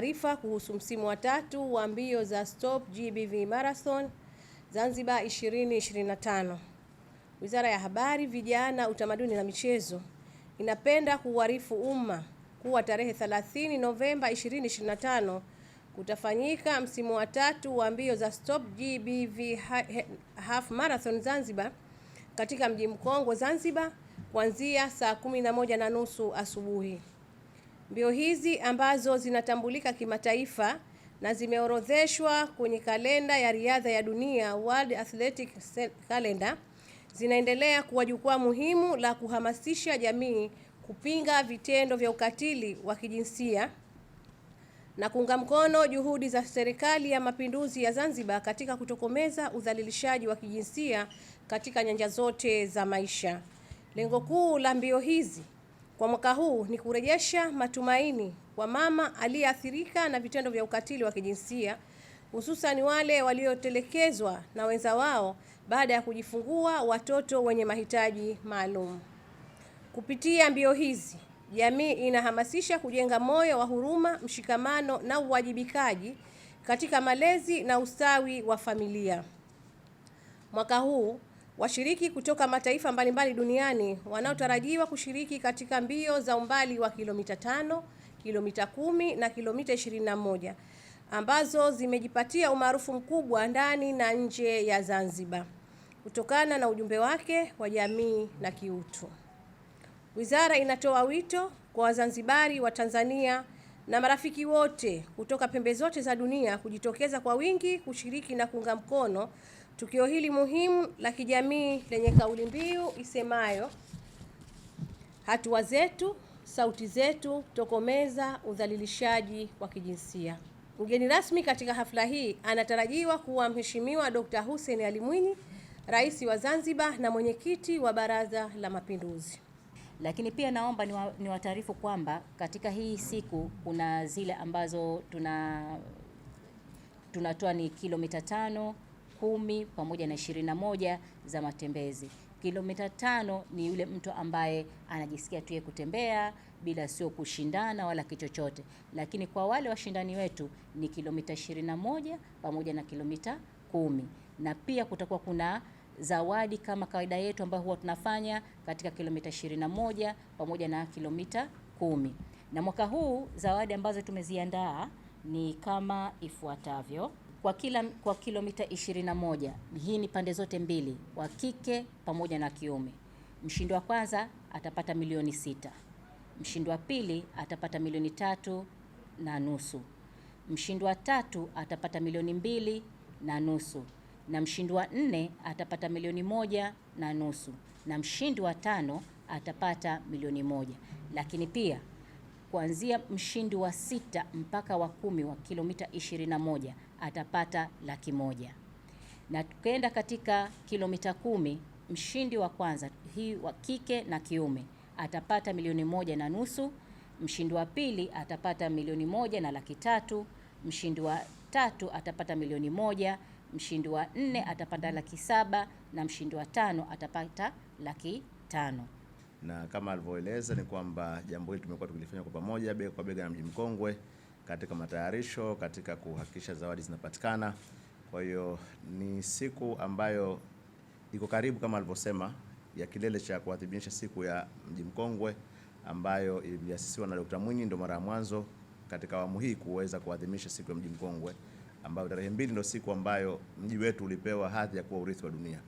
taarifa kuhusu msimu wa tatu wa mbio za Stop GBV Marathon Zanzibar 2025. Wizara ya Habari, Vijana, Utamaduni na Michezo inapenda kuuarifu umma kuwa tarehe 30 Novemba 2025 kutafanyika msimu wa tatu wa mbio za Stop GBV Half Marathon Zanzibar katika mji mkongwe Zanzibar kuanzia saa 11 na nusu asubuhi. Mbio hizi ambazo zinatambulika kimataifa na zimeorodheshwa kwenye kalenda ya riadha ya dunia, World Athletic Calendar, zinaendelea kuwa jukwaa muhimu la kuhamasisha jamii kupinga vitendo vya ukatili wa kijinsia na kuunga mkono juhudi za Serikali ya Mapinduzi ya Zanzibar katika kutokomeza udhalilishaji wa kijinsia katika nyanja zote za maisha. Lengo kuu la mbio hizi kwa mwaka huu ni kurejesha matumaini kwa mama aliyeathirika na vitendo vya ukatili wa kijinsia hususan wale waliotelekezwa na wenza wao baada ya kujifungua watoto wenye mahitaji maalum. Kupitia mbio hizi, jamii inahamasisha kujenga moyo wa huruma, mshikamano na uwajibikaji katika malezi na ustawi wa familia. Mwaka huu Washiriki kutoka mataifa mbalimbali duniani wanaotarajiwa kushiriki katika mbio za umbali wa kilomita tano, kilomita kumi na kilomita 21 ambazo zimejipatia umaarufu mkubwa ndani na nje ya Zanzibar kutokana na ujumbe wake wa jamii na kiutu. Wizara inatoa wito kwa Wazanzibari wa Tanzania na marafiki wote kutoka pembe zote za dunia kujitokeza kwa wingi kushiriki na kuunga mkono Tukio hili muhimu la kijamii lenye kauli mbiu isemayo hatua zetu, sauti zetu, tokomeza udhalilishaji wa kijinsia. Mgeni rasmi katika hafla hii anatarajiwa kuwa Mheshimiwa Dr. Hussein Ali Mwinyi, Rais wa Zanzibar na mwenyekiti wa Baraza la Mapinduzi. Lakini pia naomba niwataarifu ni kwamba katika hii siku kuna zile ambazo tuna tunatoa ni kilomita tano kumi pamoja na ishirini na moja za matembezi. Kilomita tano ni yule mtu ambaye anajisikia tuye kutembea bila, sio kushindana wala kichochote, lakini kwa wale washindani wetu ni kilomita ishirini na moja pamoja na kilomita kumi na pia kutakuwa kuna zawadi kama kawaida yetu ambayo huwa tunafanya katika kilomita 21 pamoja na kilomita kumi. Na mwaka huu zawadi ambazo tumeziandaa ni kama ifuatavyo kwa kila kwa kilomita 21. Hii ni pande zote mbili, wa kike pamoja na kiume. Mshindi wa kwanza atapata milioni sita, mshindi wa pili atapata milioni tatu na nusu, mshindi wa tatu atapata milioni mbili na nusu, na mshindi wa nne atapata milioni moja na nusu, na mshindi wa tano atapata milioni moja, lakini pia kuanzia mshindi wa sita mpaka wa kumi wa kilomita 21 atapata laki moja, na tukenda katika kilomita kumi, mshindi wa kwanza hii wa kike na kiume atapata milioni moja na nusu. Mshindi wa pili atapata milioni moja na laki tatu. Mshindi wa tatu atapata milioni moja. Mshindi wa nne atapata laki saba na mshindi wa tano atapata laki tano na kama alivyoeleza ni kwamba jambo hili tumekuwa tukilifanya kwa pamoja bega kwa bega na Mji Mkongwe katika matayarisho, katika kuhakikisha zawadi zinapatikana. Kwa hiyo ni siku ambayo iko karibu kama alivyosema ya kilele cha kuadhimisha siku ya Mji Mkongwe ambayo iliasisiwa na Dr. Mwinyi, ndo mara ya mwanzo katika awamu hii kuweza kuadhimisha siku ya Mji Mkongwe ambayo tarehe mbili ndo siku ambayo mji wetu ulipewa hadhi ya kuwa urithi wa dunia.